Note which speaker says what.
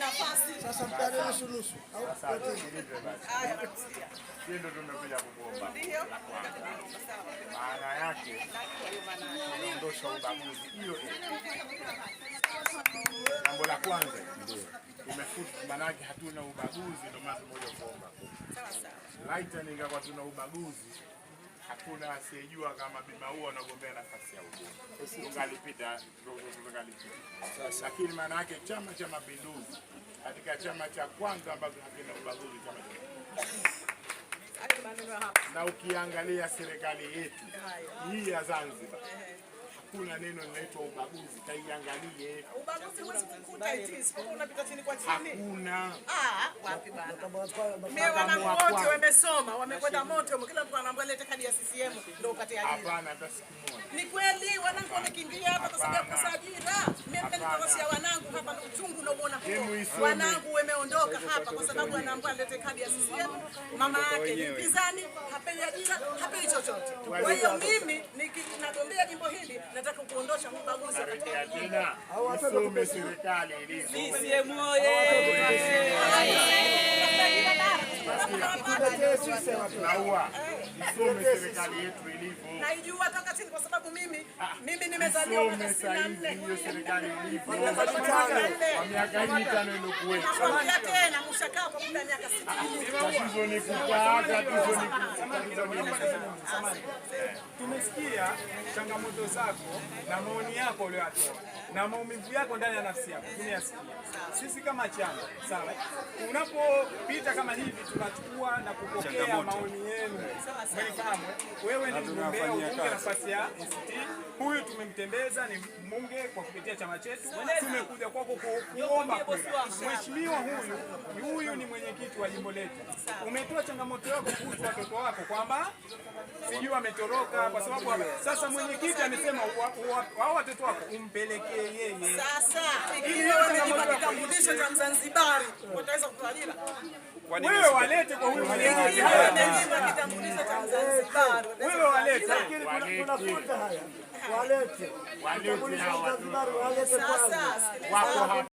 Speaker 1: nafasi. Sasa mtalia nusu nusu.
Speaker 2: Hii ndio tumekuja kukuomba. Maana yake kuondosha ubaguzi. Hiyo jambo la kwanza umefuta, maanake hatuna ubaguzi, ndio maana moja kuomba. Laiti ningekuwa tuna ubaguzi hakuna asiyejua kama huo anagombea nafasi ya ubunge, ungalipita Lakini maana yake Chama cha Mapinduzi katika chama cha kwanza ambacho hakina ubaguzi kama na ukiangalia serikali yetu hii ya Zanzibar kuna neno linaitwa ubaguzi, kaiangalie.
Speaker 1: Ubaguzi huwezi kukuta eti sipokuwa unapita chini kwa
Speaker 2: chini. Hakuna.
Speaker 1: Ah, wapi bana. Mimi wana wote wamesoma, wamekwenda moto, kila mtu anaambia lete kadi ya CCM ndio upate ajira.
Speaker 2: Hapana, hata siku moja.
Speaker 1: Ni kweli wanangu wamekimbia hapa kwa sababu ya kukosa ajira. Mimi mtanitoroshia wanangu hapa na uchungu unaoona
Speaker 2: huko.
Speaker 1: Wanangu wameondoka hapa kwa sababu anaambia lete kadi ya CCM. Mama yake ni mpinzani, hapendi ajira, hapendi chochote. Kwa hiyo mimi nikinagombea anataka kuondosha ubaguzi
Speaker 2: katika jamii. Serikali ilivyo.
Speaker 1: CCM oyee!
Speaker 2: tunaua isome eh. serikali yetu ilivyo.
Speaker 1: Naijua toka chini kwa sababu mimi ah, mimi nimezaliwa
Speaker 2: mwaka 64. Hiyo serikali ilivyo. Kwa miaka hii tano ilikuwepo.
Speaker 1: Tena mshakaa kwa muda miaka
Speaker 2: 60. Hizo ah, ni kukaaga,
Speaker 1: hizo ni
Speaker 3: tumesikia changamoto zako na maoni yako uliyoyatoa na maumivu yako ndani ya nafsi yako tumeyasikia. Sisi kama chama sawa, unapopita kama hivi tunachukua na kupokea kupokea maoni yenu. Mnifahamu, wewe ni mgombea ubunge nafasi ya huyu tumemtembeza ni mbunge kwa kupitia chama chetu, tumekuja kwako kuomba. Mheshimiwa, huyu huyu ni mwenyekiti wa jimbo letu, umetoa changamoto yako kuhusu watoto wako kwamba sijui ametoroka kwa sababu sasa mwenyekiti amesema hao watoto wako
Speaker 2: umpelekee yeye.
Speaker 1: kitambulisho cha Mzanzibari wataweza kutoa
Speaker 3: wewe walete kwa huyu
Speaker 1: mwenyekiti
Speaker 2: walete